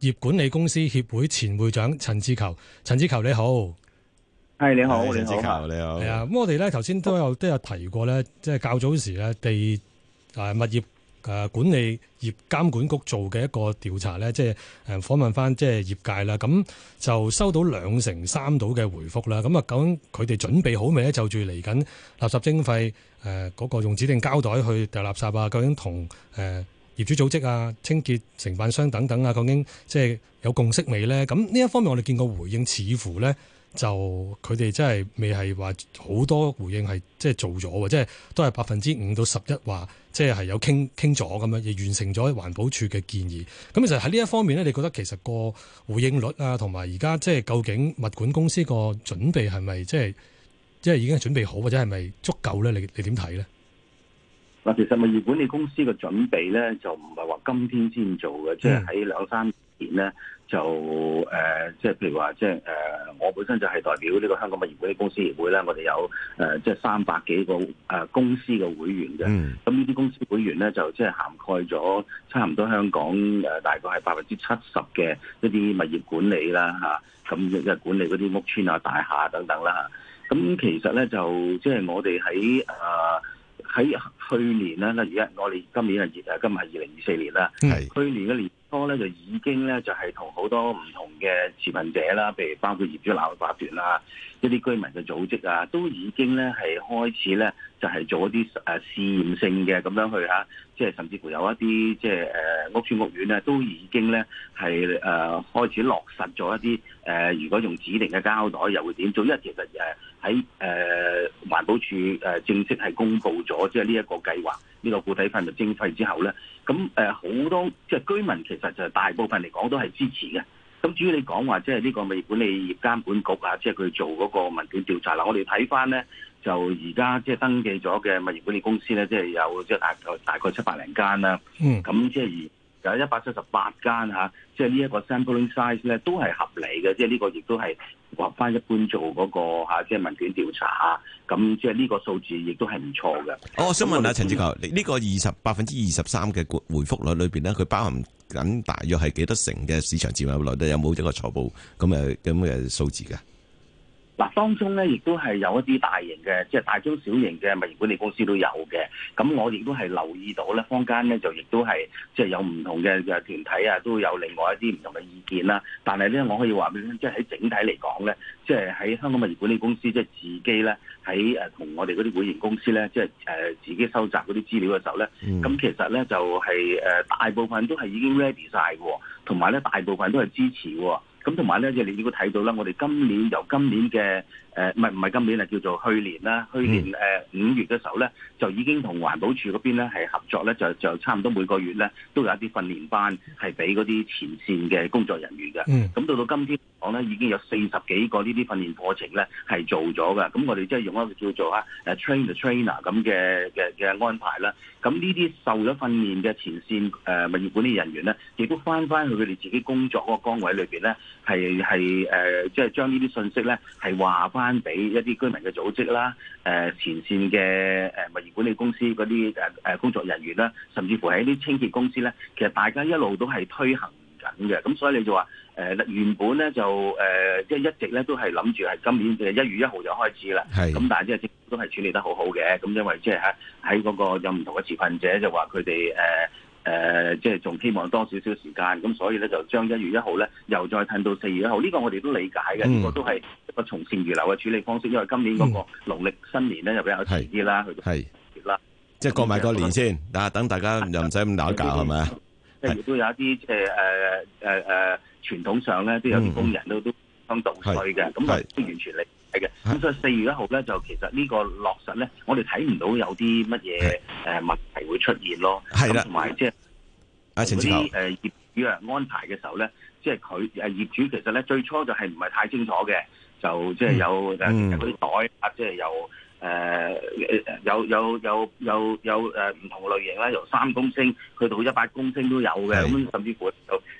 業管理公司協會前會長陳志球，陳志球你好，係、hey, 你好，志球、hey,，你好，係啊好。咁我哋咧頭先都有都有提過咧，oh. 即係較早時咧地誒物業誒管理業監管局做嘅一個調查咧，即係誒訪問翻即係業界啦。咁就收到兩成三度嘅回復啦。咁啊，究竟佢哋準備好未咧？就住嚟緊垃圾徵費誒，嗰、呃那個用指定膠袋去掉垃圾啊？究竟同誒？呃業主組織啊、清潔承辦商等等啊，究竟即係有共識未呢？咁呢一方面，我哋見過回應似乎呢就佢哋即係未係話好多回應係即係做咗，即係都係百分之五到十一話，即係係有傾傾咗咁樣，亦完成咗環保署嘅建議。咁其實喺呢一方面呢，你覺得其實個回應率啊，同埋而家即係究竟物管公司個準備係咪即係即係已經準備好，或者係咪足夠呢？你你點睇呢？其實物業管理公司嘅準備咧，就唔係話今天先做嘅，Yeah. 即係喺兩三年咧就誒、呃，即係譬如話，即係誒、呃，我本身就係代表呢個香港物業管理公司協會啦。我哋有誒、呃，即係三百幾個誒、呃、公司嘅會員嘅。嗯。咁呢啲公司會員咧，就即係涵蓋咗差唔多香港誒、呃，大概係百分之七十嘅一啲物業管理啦嚇。咁、啊、即係管理嗰啲屋邨啊、大廈等等啦。咁、啊、其實咧，就即係我哋喺誒。啊喺去年咧，例如一，我哋今年啊，二啊，今日係二零二四年啦。係是去年嘅年初咧，就已經咧，就係同好多唔同嘅持份者啦，譬如包括業主立案法團啦，一啲居民嘅組織啊，都已經咧係開始咧，就係做一啲誒試驗性嘅咁樣去嚇，即係甚至乎有一啲即係誒屋村屋苑咧，都已經咧係誒開始落實咗一啲誒，如果用指定嘅膠袋又會點做？總之其實誒、就是。喺誒、呃、環保署誒正式係公布咗即係呢一個計劃，呢、呢個固體廢物徵費之後咧，咁誒好多即係居民其實就大部分嚟講都係支持嘅。咁至於你講話即係呢個物業管理業監管局啊，即係佢做嗰個問卷調查嗱，我哋睇翻咧就而家即係登記咗嘅物業管理公司咧、即係，即係有即係大大概七八零間啦。嗯，咁即係而。有一百七十八間嚇，即係呢一個 sampling size 咧都係合理嘅，即係呢個亦都係合翻一般做嗰、那個嚇，即係問卷調查嚇，咁即係呢個數字亦都係唔錯嘅，哦。我想問下、呃、陳志球，呢、這個二十百分之二十三嘅回覆率裏邊咧，佢包含緊大約係幾多成嘅市場佔有率？你有冇一個初步咁誒咁嘅數字㗎？嗱，當中咧亦都係有一啲大型嘅，即係大中小型嘅物業管理公司都有嘅。咁我亦都係留意到咧，坊間咧就亦都係即係有唔同嘅誒團體啊，都有另外一啲唔同嘅意見啦。但係咧，我可以話俾你聽，即係喺整體嚟講咧，即係喺香港物業管理公司即係自己咧喺誒同我哋嗰啲會員公司咧，即係誒自己收集嗰啲資料嘅時候咧，咁、嗯、其實咧就係誒大部分都係已經 ready 晒嘅，同埋咧大部分都係支持嘅。咁同埋咧，即係、嗯嗯、你如果睇到咧，我哋今年由今年嘅誒，唔係唔係今年啊，叫做去年啦，去年誒五月嘅時候咧，就已經同環保署嗰邊咧係合作咧，就就差唔多每個月咧都有一啲訓練班係俾嗰啲前線嘅工作人員嘅。咁到、嗯、到今天。我咧已經有四十幾個呢啲訓練課程咧係做咗嘅，咁我哋即係用一個叫做嚇誒 train the trainer 咁嘅嘅嘅安排啦。咁呢啲受咗訓練嘅前線誒物業管理人員咧，亦都翻翻去佢哋自己工作嗰個崗位裏邊咧，係係誒即係將呢啲信息咧係話翻俾一啲居民嘅組織啦、誒、呃、前線嘅誒物業管理公司嗰啲誒誒工作人員啦，甚至乎喺啲清潔公司咧，其實大家一路都係推行緊嘅，咁所以你就話。誒、呃、原本咧就誒一、呃、一直咧都係諗住係今年誒一月一號就開始啦，咁是但係即係都係處理得好好嘅。咁因為即係嚇喺嗰個有唔同嘅持份者就話佢哋誒誒，即係仲希望多少少時間，咁所以咧就將一月一號咧又再褪到四月一號。呢、呢個我哋都理解嘅，呢個、嗯、都係一個從善如流嘅處理方式，因為今年嗰個農曆新年咧就比較遲啲啦，去到四月啦，即係過埋個年先。啊、嗯，等大家又唔使咁打架，係咪啊？即係亦都有一啲即係誒誒誒。是呃呃呃傳統上咧都有啲工人都、嗯、都當倒水嘅，咁啊的都完全離題嘅。咁的所以四月一號咧就其實呢個落實咧，我哋睇唔到有啲乜嘢誒問題會出現咯。咁同埋即係啲誒業主啊安排嘅時候咧，即係佢誒業主其實咧最初就係唔係太清楚嘅，就即係有誒嗰啲袋啊，即係有。嗯有誒、呃，有有有有有誒，呃、唔同類型啦，由三公升去到一百公升都有嘅，咁是甚至乎誒、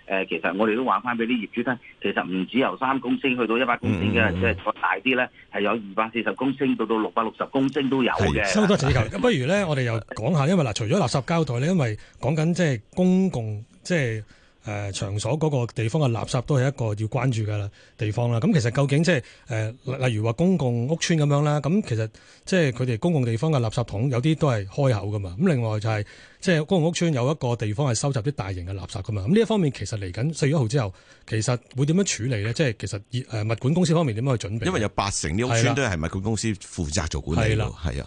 呃，其實我哋都話翻俾啲業主聽，其實唔止由三公升去到一百公升嘅，即係再大啲咧，係有二百四十公升到、嗯、到六百六十公升都有嘅。收多幾球，的不如咧，我哋又講下，因為嗱，除咗垃圾膠袋咧，因為講緊即係公共即係。就是誒場所嗰個地方嘅垃圾都係一個要關注嘅啦地方啦。咁其實究竟即係誒例如話公共屋邨咁樣啦，咁其實即係佢哋公共地方嘅垃圾桶有啲都係開口噶嘛，咁另外就係即係公共屋邨有一個地方係收集啲大型嘅垃圾噶嘛，咁呢一方面其實嚟緊四月一號之後，其實會點樣處理咧？即係其實物管公司方面點樣去準備？因為有八成啲屋邨都係物管公司負責做管理喎，係啊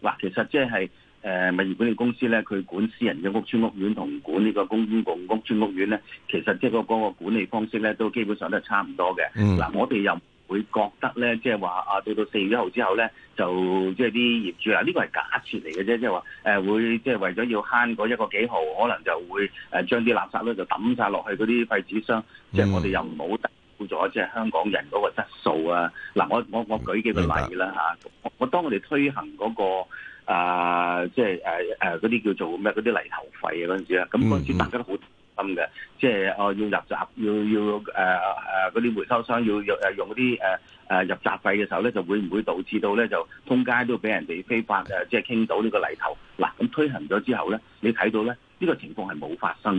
的，嗱，其實即係。誒物業管理公司咧，佢管私人嘅屋邨屋苑同管呢個公屋屋邨屋苑咧，其實即係嗰個管理方式咧，都基本上都係差唔多嘅。嗱、嗯，我哋又會覺得咧，即係話啊，對到到四月一號之後咧，就即係啲業主啊，呢、呢個係假設嚟嘅啫，即係話誒會即係、就係、為咗要慳嗰一個幾毫，可能就會誒將啲垃圾咧就抌晒落去嗰啲廢紙箱，即係、嗯、我哋又唔好低估咗即係香港人嗰個質素啊！嗱，我我我舉幾個例啦嚇白、啊，我當我哋推行嗰、嗰個。啊、呃，即係誒誒，嗰、呃、啲、呃、叫做咩？嗰啲泥頭費啊，嗰陣、嗯嗯、時咧，咁嗰陣時大家都好擔心嘅，即係哦、呃，要入閘，要要誒誒，嗰、呃、啲、呃、回收商要要誒用嗰啲誒誒入閘費嘅時候咧，就會唔會導致到咧就通街都俾人哋非法誒，即係傾倒呢個泥頭。嗱，咁推行咗之後咧，你睇到咧，呢、這個情況係冇發生。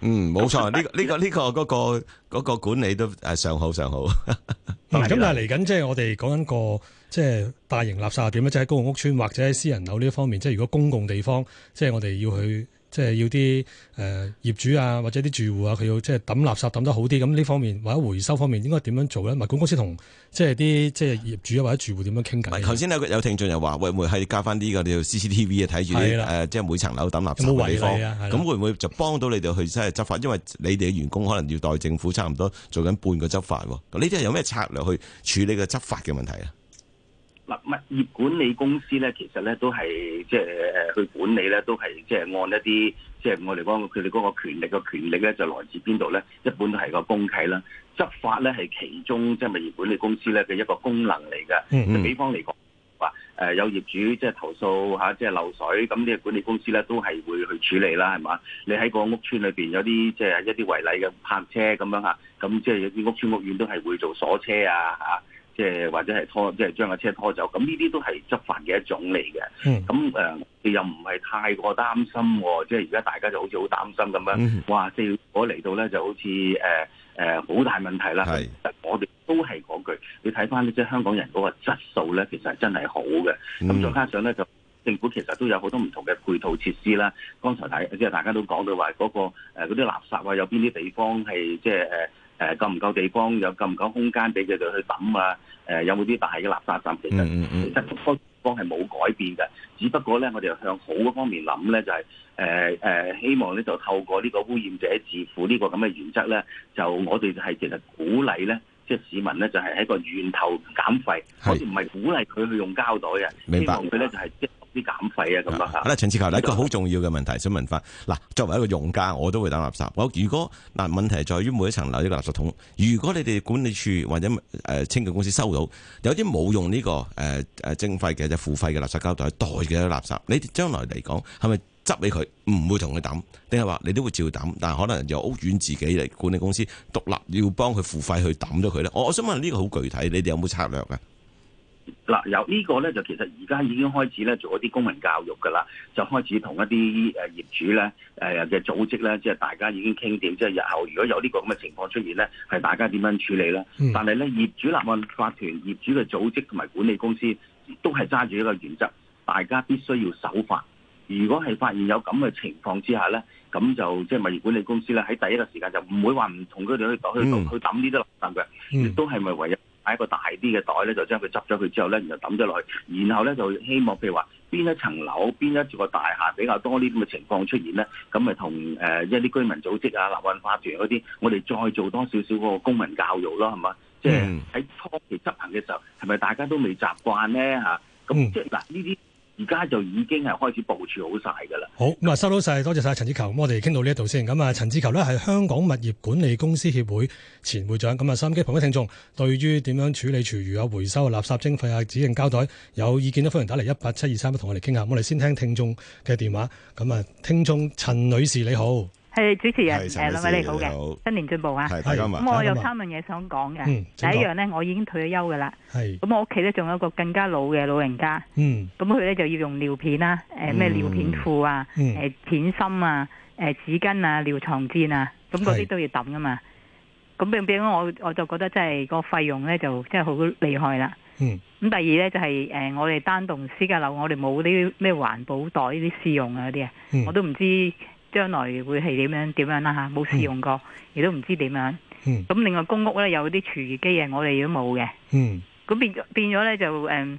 嗯，冇錯，呢、 這個呢、這個呢、這個、這個、那個那個管理都誒上好上好。咁 但係嚟緊即係我哋講緊個。 即係大型垃圾係點咧？即係公共屋邨，或者喺私人樓呢一方面，即係如果公共地方，即係我哋要去，即係要啲誒、呃、業主啊，或者啲住戶啊，佢要即係抌垃圾抌得好啲咁呢方面，或者回收方面應該點樣做咧？物管公司同即係啲即係業主啊，或者住戶點樣傾偈？唔頭先有聽眾又話會唔會係加翻啲嘅呢個 CCTV 啊，睇住誒，即係每層樓抌垃圾嘅地方咁會唔會就幫到你哋去即係執法？因為你哋嘅員工可能要代政府差唔多做緊半個執法咁，呢啲係有咩策略去處理個執法嘅問題啊？物業管理公司咧，其實咧都係即係去管理咧，都係即係按一啲即係我哋講佢哋嗰個權力嘅權力咧，就來自邊度咧？一般都係個公契啦，執法咧係其中即係物業管理公司咧嘅一個功能嚟嘅。就、mm hmm. 比方嚟講話，誒有業主即係投訴嚇，即係漏水，咁啲管理公司咧都係會去處理啦，係嘛？你喺個屋村裏邊有啲即係一啲違例嘅泊車咁樣嚇，咁即係有啲屋村屋苑都係會做鎖車啊嚇。即係或者係拖，即係將個車拖走。咁呢啲都係執法嘅一種嚟嘅。咁誒、嗯呃，又唔係太過擔心、哦。即係而家大家就好似好擔心咁樣，嗯、哼哇！即係果嚟到咧，就好似誒誒好大問題啦。是我哋都係講句，你睇翻咧，即係香港人嗰個質素咧，其實係真係好嘅。咁再加上咧，就政府其實都有好多唔同嘅配套設施啦。剛才睇即係大家都講到話、那、嗰個嗰啲、呃、垃圾啊，有邊啲地方係即、呃誒夠唔夠地方，有夠唔夠空間俾佢哋去抌啊！誒、呃、有冇啲大嘅垃圾站？其實，其實個方向係冇改變嘅，只不過咧，我哋向好方面諗咧，就係、是、誒、呃呃、希望咧就透過呢個污染者自負呢個咁嘅原則咧，就我哋係其實鼓勵咧，即、就、係、是、市民咧就係、是、喺一個源頭減廢，是我哋唔係鼓勵佢去用膠袋呀，白希望佢咧就係、是。啲減廢啊咁啊嚇！嗱，陳志球，呢個好重要嘅問題，想問翻嗱，作為一個用家，我都會抌垃圾。我如果嗱問題在於每一層樓呢個垃圾桶，如果你哋管理處或者誒清潔公司收到有啲冇用呢、這個誒誒、呃、徵費嘅就付費嘅垃圾膠袋，袋嘅垃圾，你將來嚟講係咪執俾佢？唔會同佢抌，定係話你都會照抌？但係可能由屋苑自己嚟管理公司獨立要幫佢付費去抌咗佢咧？我我想問呢、這個好具體，你哋有冇策略啊？嗱，有呢個咧就其實而家已經開始咧做一啲公民教育㗎喇，就開始同一啲誒業主咧誒嘅組織咧，即係大家已經傾掂，即係日後如果有呢個咁嘅情況出現咧，係大家點樣處理咧？嗯、但係咧，業主立案法團、業主嘅組織同埋管理公司都係揸住一個原則，大家必須要守法。如果係發現有咁嘅情況之下咧，咁就即係物業管理公司咧喺第一個時間就唔會話唔同佢哋去、嗯、去去抌呢啲垃圾嘅，亦、嗯嗯、都係咪唯有？喺一個大啲嘅袋咧，就將佢執咗佢之後咧，然後抌咗落去，然後咧就希望譬如話邊一層樓，邊一座個大廈比較多呢啲咁嘅情況出現咧，咁咪同誒一啲居民組織啊、立案法團嗰啲，我哋再做多少少個公民教育咯，係嘛？即係喺初期執行嘅時候，係咪大家都未習慣咧吓？咁即係嗱呢啲。嗯而家就已經係開始部署好晒㗎啦。好，咁啊樣，收到晒，多謝晒陳志球。咁我哋傾到呢一度先。咁啊，陳志球呢係香港物業管理公司協會前會長。咁啊，收音機旁邊聽眾對於點樣處理廚餘啊、回收啊、垃圾徵費啊、指定膠袋，有意見都歡迎打嚟一八七二三，一同我哋傾下。我哋先聽聽眾嘅電話。咁啊，聽眾陳女士你好。係主持人，誒，兩位你好嘅，新年進步啊！咁我有三樣嘢想講嘅。第一樣咧，我已經退咗休噶啦。咁我屋企咧，仲有一個更加老嘅老人家。咁佢咧就要用尿片啦，誒咩尿片褲啊、誒片芯啊、誒紙巾啊、尿床墊啊，咁嗰啲都要抌噶嘛。咁變唔我，我我就覺得真係個費用咧，就真係好厲害啦。咁第二咧就係，誒我哋單棟私家樓，我哋冇呢啲咩環保袋啲試用啊嗰啲啊，我都唔知。將來會係點樣點樣啦嚇，冇試用過，亦都唔知點樣。咁、嗯、另外公屋咧有啲廚餘機嘅，我哋都冇嘅、嗯。嗯，咁變變咗咧就誒，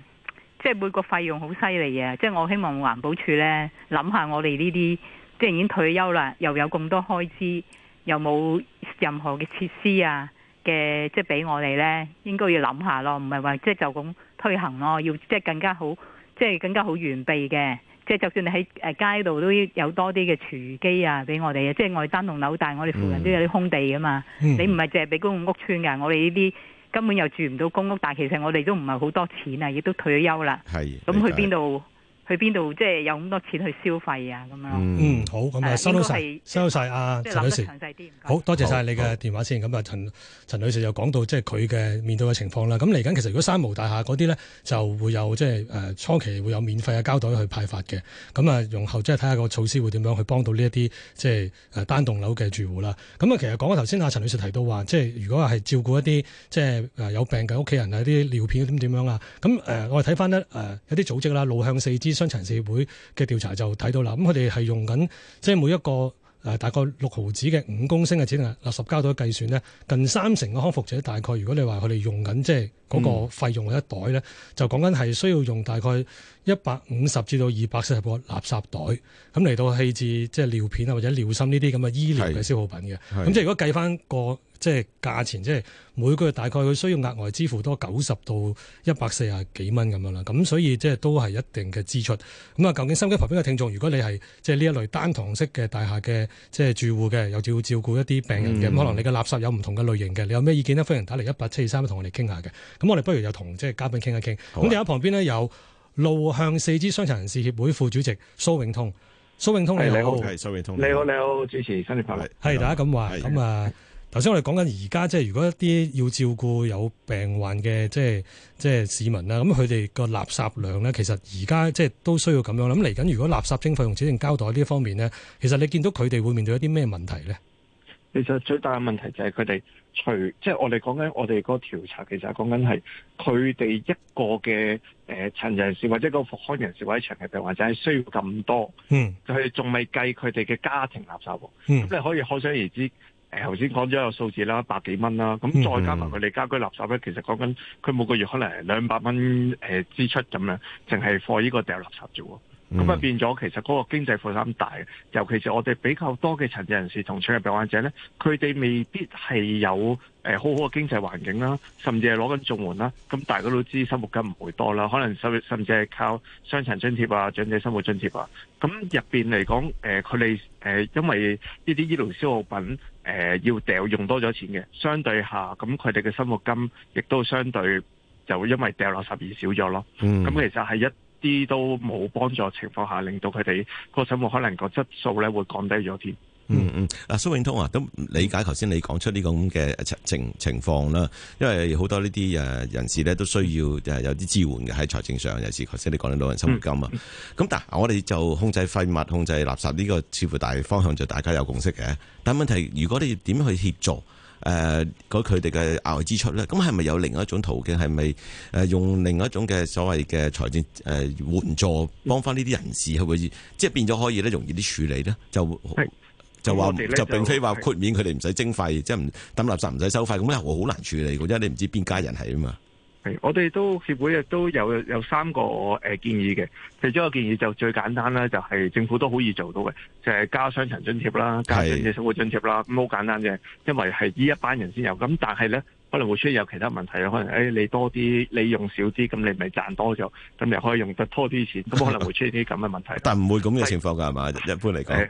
即係每個費用好犀利嘅。即係我希望環保處咧，諗下我哋呢啲，即係已經退休啦，又有咁多開支，又冇任何嘅設施啊嘅，即係俾我哋咧，應該要諗下咯，唔係話即係就咁推行咯，要即係更加好，即係更加好完備嘅。即係就算你喺街度都有多啲嘅廚餘機啊，俾我哋啊，即係我哋單棟樓大，但係我哋附近都有啲空地㗎嘛。嗯、你唔係淨係俾公共屋邨㗎，我哋呢啲根本又住唔到公屋，但係其實我哋都唔係好多錢啊，亦都退咗休啦。咁係去邊度？去邊度即係有咁多錢去消費啊？咁樣，嗯，好，咁啊，收晒，收晒啊，陳女士，詳細啲，好多謝晒你嘅電話先。咁啊，陳陳女士又講到即係佢嘅面對嘅情況啦。咁嚟緊其實如果三無大廈嗰啲咧，就會有即係誒初期會有免費嘅膠袋去派發嘅。咁啊，容後即係睇下個措施會點樣去幫到呢一啲即係單棟樓嘅住戶啦。咁啊，其實講到頭先阿陳女士提到話，即係如果係照顧一啲即係有病嘅屋企人啊，啲尿片點點樣啊？咁誒、呃，我哋睇翻咧有啲組織啦，路向四肢。傷殘社會嘅調查就睇到啦，咁佢哋係用緊即係每一個誒大概六毫子嘅五公升嘅指定垃圾膠袋計算咧，近三成嘅康復者大概，如果你話佢哋用緊即係嗰個費用的一袋呢，嗯、就講緊係需要用大概一百五十至到二百四十個垃圾袋，咁嚟到棄置即係尿片啊或者尿芯呢啲咁嘅醫療嘅消耗品嘅，咁即係如果計翻個。即係價錢，即係每個月大概佢需要額外支付多九十到一百四啊幾蚊咁樣啦。咁所以即係都係一定嘅支出。咁啊，究竟心緊旁邊嘅聽眾，如果你係即係呢一類單幢式嘅大廈嘅即係住戶嘅，又要照顧一啲病人嘅，嗯、可能你嘅垃圾有唔同嘅類型嘅，你有咩意見呢？歡迎打嚟一八七二三同我哋傾下嘅。咁我哋不如又同即係嘉賓傾一傾。咁而家旁邊呢，有路向四肢傷殘人士協會副主席蘇永通。蘇永通，你好，好。蘇永通。你好，你好，好，主持，新年快樂。係，大家咁話。咁是啊。頭先我哋講緊而家，即係如果一啲要照顧有病患嘅，即係即係市民啦，咁佢哋個垃圾量咧，其實而家即係都需要咁樣啦。咁嚟緊，如果垃圾徵費用指定交代呢一方面咧，其實你見到佢哋會面對一啲咩問題咧？其實最大嘅問題就係佢哋除，即係我哋講緊我哋個調查，其實講緊係佢哋一個嘅誒殘疾人士或者一個復康人士或者長期病患，就係需要咁多。嗯，佢哋仲未計佢哋嘅家庭垃圾。嗯，咁你可以可想而知。頭先講咗個數字啦，百幾蚊啦，咁再加埋佢哋家居垃圾咧，其實講緊佢每個月可能兩百蚊誒支出咁樣，淨係放呢個掉垃圾啫喎。咁啊，嗯、就變咗其實嗰個經濟負擔大，尤其是我哋比較多嘅殘疾人士同長者病患者咧，佢哋未必係有誒、呃、好好嘅經濟環境啦，甚至係攞緊綜援啦。咁大家都知生活金唔會多啦，可能甚甚至係靠傷殘津貼啊、長者生活津貼啊。咁入邊嚟講誒佢哋誒因為呢啲醫療消耗品誒、呃、要掉用多咗錢嘅，相對下咁佢哋嘅生活金亦都相對就會因為掉落十二少咗咯。咁其實係一。啲都冇幫助情況下，令到佢哋個生活可能個質素咧會降低咗啲、嗯。嗯嗯，嗱，蘇永通啊，都理解頭先你講出呢個咁嘅情情情況啦，嗯、因為好多呢啲誒人士咧都需要誒有啲支援嘅喺財政上，尤其是頭先你講到老人生活金啊。咁、嗯、但係我哋就控制廢物、控制垃圾呢個，似乎大方向就大家有共識嘅。但問題如果你點去協助？誒佢哋嘅額外支出咧，咁係咪有另外一種途徑？係咪誒用另外一種嘅所謂嘅財政誒援助，幫翻呢啲人士係咪？即係變咗可以咧，容易啲處理咧，就是就話說就，就並非話豁免佢哋唔使徵費，的即係唔抌垃圾唔使收費。咁咧我好難處理，因為你唔知邊家人係啊嘛。我哋都協會亦都有有三個、呃、建議嘅，其中一個建議就最簡單啦，就係政府都好易做到嘅，就係、是、加雙層津貼啦，加雙層嘅生活津貼啦，咁好是簡單嘅，因為係呢一班人先有，咁但係咧。可能會出現有其他問題咯，可能誒你多啲，你用少啲，咁你咪賺多咗，咁又可以用得多啲錢，咁可能會出現啲咁嘅問題。 但唔會咁嘅情況㗎，係嘛是？一般嚟講，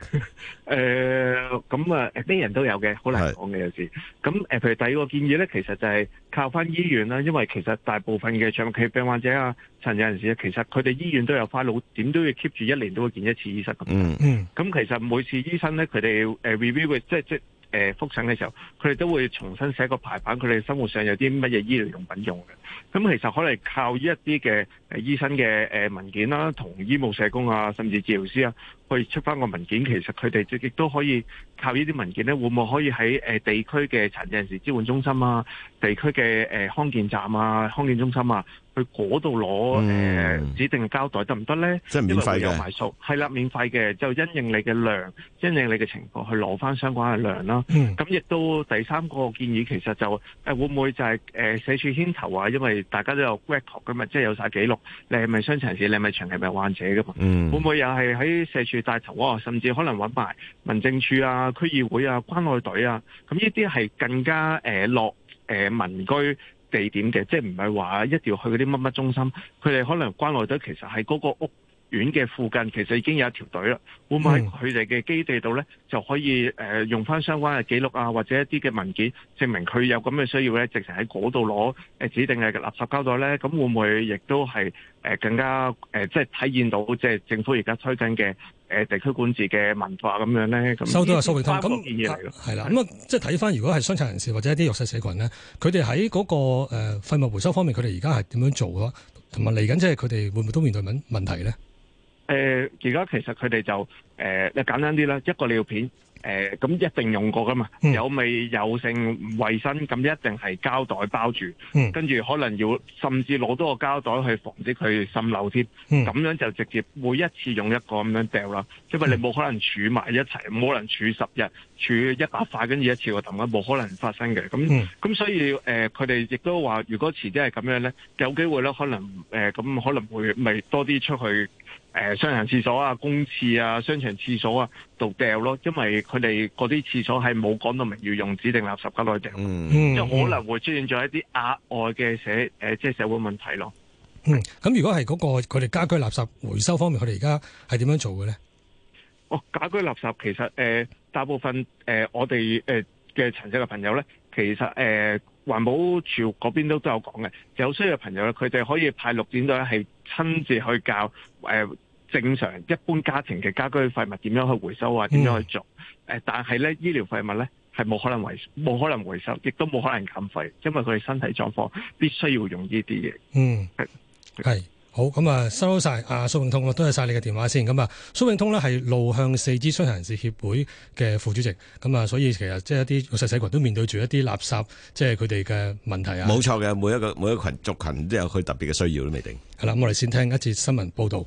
誒咁啊，啲、哎呃、人都有嘅，好難講嘅有時。咁誒，譬、呃、如第二個建議咧，其實就係靠翻醫院啦，因為其實大部分嘅長期病患者啊、殘疾人士啊，其實佢哋醫院都有翻好，點都要 keep 住一年都會見一次醫生咁。咁、嗯嗯嗯、其實每次醫生咧，佢哋 review 即係即。誒復診嘅時候，佢哋都會重新寫個排版，佢哋生活上有啲乜嘢醫療用品用嘅。咁其實可能靠呢一啲嘅誒醫生嘅誒文件啦，同醫務社工啊，甚至治療師啊，去出翻個文件，其實佢哋亦都可以靠呢啲文件咧，會唔會可以喺誒地區嘅殘疾人士支援中心啊，地區嘅誒康健站啊，康健中心啊？去嗰度攞誒指定膠袋得唔得咧？即係免費嘅，係啦，免費嘅，就因應你嘅量，因應你嘅情況去攞返相關嘅量啦。咁亦都第三個建議其實就誒會唔會就係誒社署牽頭啊？因為大家都有 record 噶嘛，即係有晒記錄，你係咪傷殘者，你係咪長期病患者噶嘛？會唔會又係喺社署帶頭啊？甚至可能揾埋民政處啊、區議會啊、關愛隊啊，咁呢啲係更加誒落誒民居。地點嘅，即係唔係話一定要去嗰啲乜乜中心，佢哋可能關內咗，其實係嗰個屋。院嘅附近其實已經有一條隊啦，會唔會喺佢哋嘅基地度咧就可以誒用翻相關嘅記錄啊，或者一啲嘅文件證明佢有咁嘅需要咧，直情喺嗰度攞誒指定嘅垃圾膠袋咧，咁會唔會亦都係誒更加誒即係體現到即係政府而家推進嘅誒地區管治嘅文化咁樣咧？收到啊，蘇永通咁件嘢嚟咯，係啦。咁啊，即係睇翻如果係傷殘人士或者一啲弱勢社群咧，佢哋喺嗰個誒廢物回收方面，佢哋而家係點樣做嘅？同埋嚟緊即係佢哋會唔會都面對緊問題咧？誒，而家、呃、其實佢哋就誒，你、呃、簡單啲啦，一個尿片，誒、呃，咁一定用過噶嘛，嗯、有味有性衛生咁一定係膠袋包住，跟住、嗯、可能要甚至攞多個膠袋去防止佢滲漏添，咁、嗯、樣就直接每一次用一個咁樣掉啦，因為你冇可能儲埋一齊，冇、嗯、可能儲十日，儲一百塊，跟住一次個抌啦，冇可能發生嘅，咁咁、嗯、所以誒，佢哋亦都話，如果遲啲係咁樣呢，有機會呢、呃，可能誒，咁可能會咪多啲出去。誒、呃，商場廁所啊、公廁啊、商場廁所啊，度掉咯，因為佢哋嗰啲廁所係冇講到明要用指定垃圾嚟掉，即、嗯、就可能會出現咗一啲額外嘅社誒，即、呃、係社會問題咯。咁、嗯、如果係嗰、那個佢哋家居垃圾回收方面，佢哋而家係點樣做嘅咧？哦，家居垃圾其實誒、呃，大部分誒、呃，我哋誒嘅陳姓嘅朋友咧，其實誒環、呃、保署嗰邊都都有講嘅，有需要嘅朋友咧，佢哋可以派六點到係親自去教誒。呃正常一般家庭嘅家居廢物點樣去回收啊？點樣去做？誒，但係咧醫療廢物咧係冇可能回冇可能回收，亦都冇可能減廢，因為佢哋身體狀況必須要用呢啲嘢。嗯，係好咁啊，收晒阿蘇永通多謝晒你嘅電話先。咁啊，蘇永通咧係路向四肢傷殘人士協會嘅副主席。咁啊，所以其實即係一啲細細群都面對住一啲垃圾，即係佢哋嘅問題啊。冇錯嘅，每一個每一群族群都有佢特別嘅需要都未定。係啦，咁我哋先聽一次新聞報道。